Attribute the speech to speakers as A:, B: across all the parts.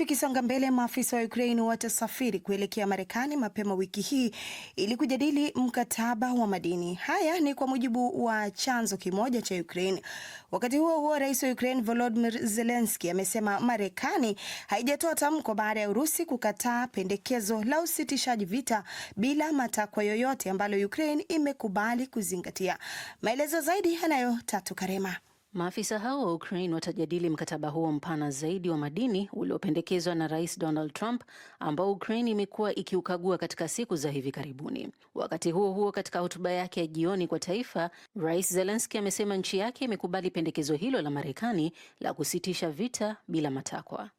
A: Tukisonga mbele, maafisa wa Ukraine watasafiri kuelekea Marekani mapema wiki hii ili kujadili mkataba wa madini. Haya ni kwa mujibu wa chanzo kimoja cha Ukraine. Wakati huo huo, rais wa Ukraine Volodymyr Zelensky amesema Marekani haijatoa tamko baada ya Urusi kukataa pendekezo la usitishaji vita bila matakwa yoyote ambalo Ukraine imekubali kuzingatia. Maelezo zaidi anayo Tatu Karema.
B: Maafisa hao wa Ukraine watajadili mkataba huo mpana zaidi wa madini uliopendekezwa na Rais Donald Trump ambao Ukraine imekuwa ikiukagua katika siku za hivi karibuni. Wakati huo huo, katika hotuba yake ya jioni kwa taifa, Rais Zelensky amesema nchi yake imekubali pendekezo hilo la Marekani la kusitisha vita bila matakwa.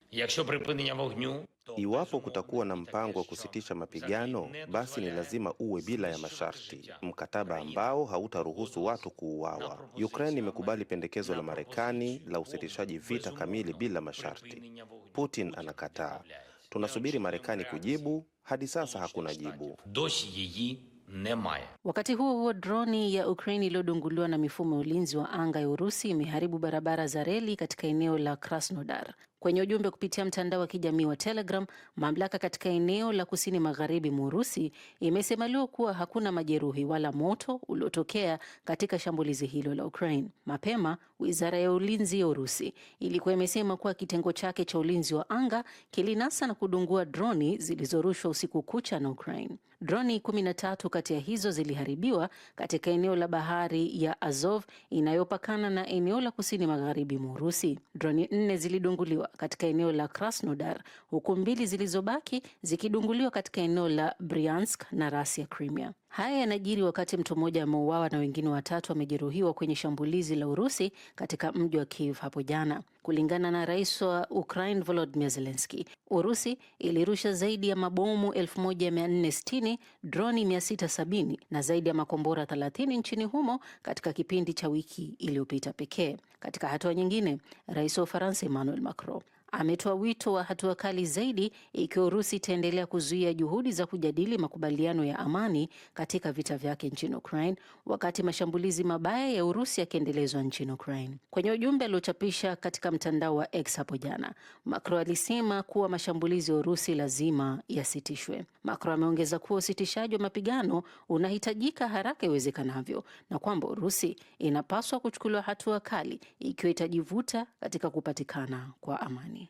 C: Iwapo kutakuwa na mpango wa kusitisha mapigano, basi ni lazima uwe bila ya masharti, mkataba ambao hautaruhusu watu kuuawa. Ukraine imekubali pendekezo la Marekani la usitishaji vita kamili bila masharti. Putin anakataa. Tunasubiri Marekani kujibu, hadi sasa hakuna jibu.
B: Wakati huo huo, droni ya Ukraine iliyodunguliwa na mifumo ya ulinzi wa anga ya Urusi imeharibu barabara za reli katika eneo la Krasnodar. Kwenye ujumbe kupitia mtandao wa kijamii wa Telegram, mamlaka katika eneo la kusini magharibi mwa Urusi imesema leo kuwa hakuna majeruhi wala moto uliotokea katika shambulizi hilo la Ukraine. Mapema, wizara ya ulinzi ya Urusi ilikuwa imesema kuwa kitengo chake cha ulinzi wa anga kilinasa na kudungua droni zilizorushwa usiku kucha na Ukraine. Droni 13 kati ya hizo ziliharibiwa katika eneo la bahari ya Azov inayopakana na eneo la kusini magharibi mwa Urusi. Droni nne zilidunguliwa katika eneo la Krasnodar, huku mbili zilizobaki zikidunguliwa katika eneo la Bryansk na rasi ya Crimea. Haya yanajiri wakati mtu mmoja ameuawa na wengine watatu wamejeruhiwa kwenye shambulizi la Urusi katika mji wa Kiev hapo jana. Kulingana na rais wa Ukraine Volodymyr Zelensky, Urusi ilirusha zaidi ya mabomu 1460, droni 670 na zaidi ya makombora 30 nchini humo katika kipindi cha wiki iliyopita pekee. Katika hatua nyingine, rais wa Ufaransa Emmanuel Macron ametoa wito wa hatua kali zaidi ikiwa Urusi itaendelea kuzuia juhudi za kujadili makubaliano ya amani katika vita vyake nchini Ukraine, wakati mashambulizi mabaya ya Urusi yakiendelezwa nchini Ukraine. Kwenye ujumbe aliochapisha katika mtandao wa X hapo jana, Macron alisema kuwa mashambulizi ya Urusi lazima yasitishwe. Macron ameongeza kuwa usitishaji wa mapigano unahitajika haraka iwezekanavyo na kwamba Urusi inapaswa kuchukuliwa hatua kali ikiwa itajivuta katika kupatikana kwa amani.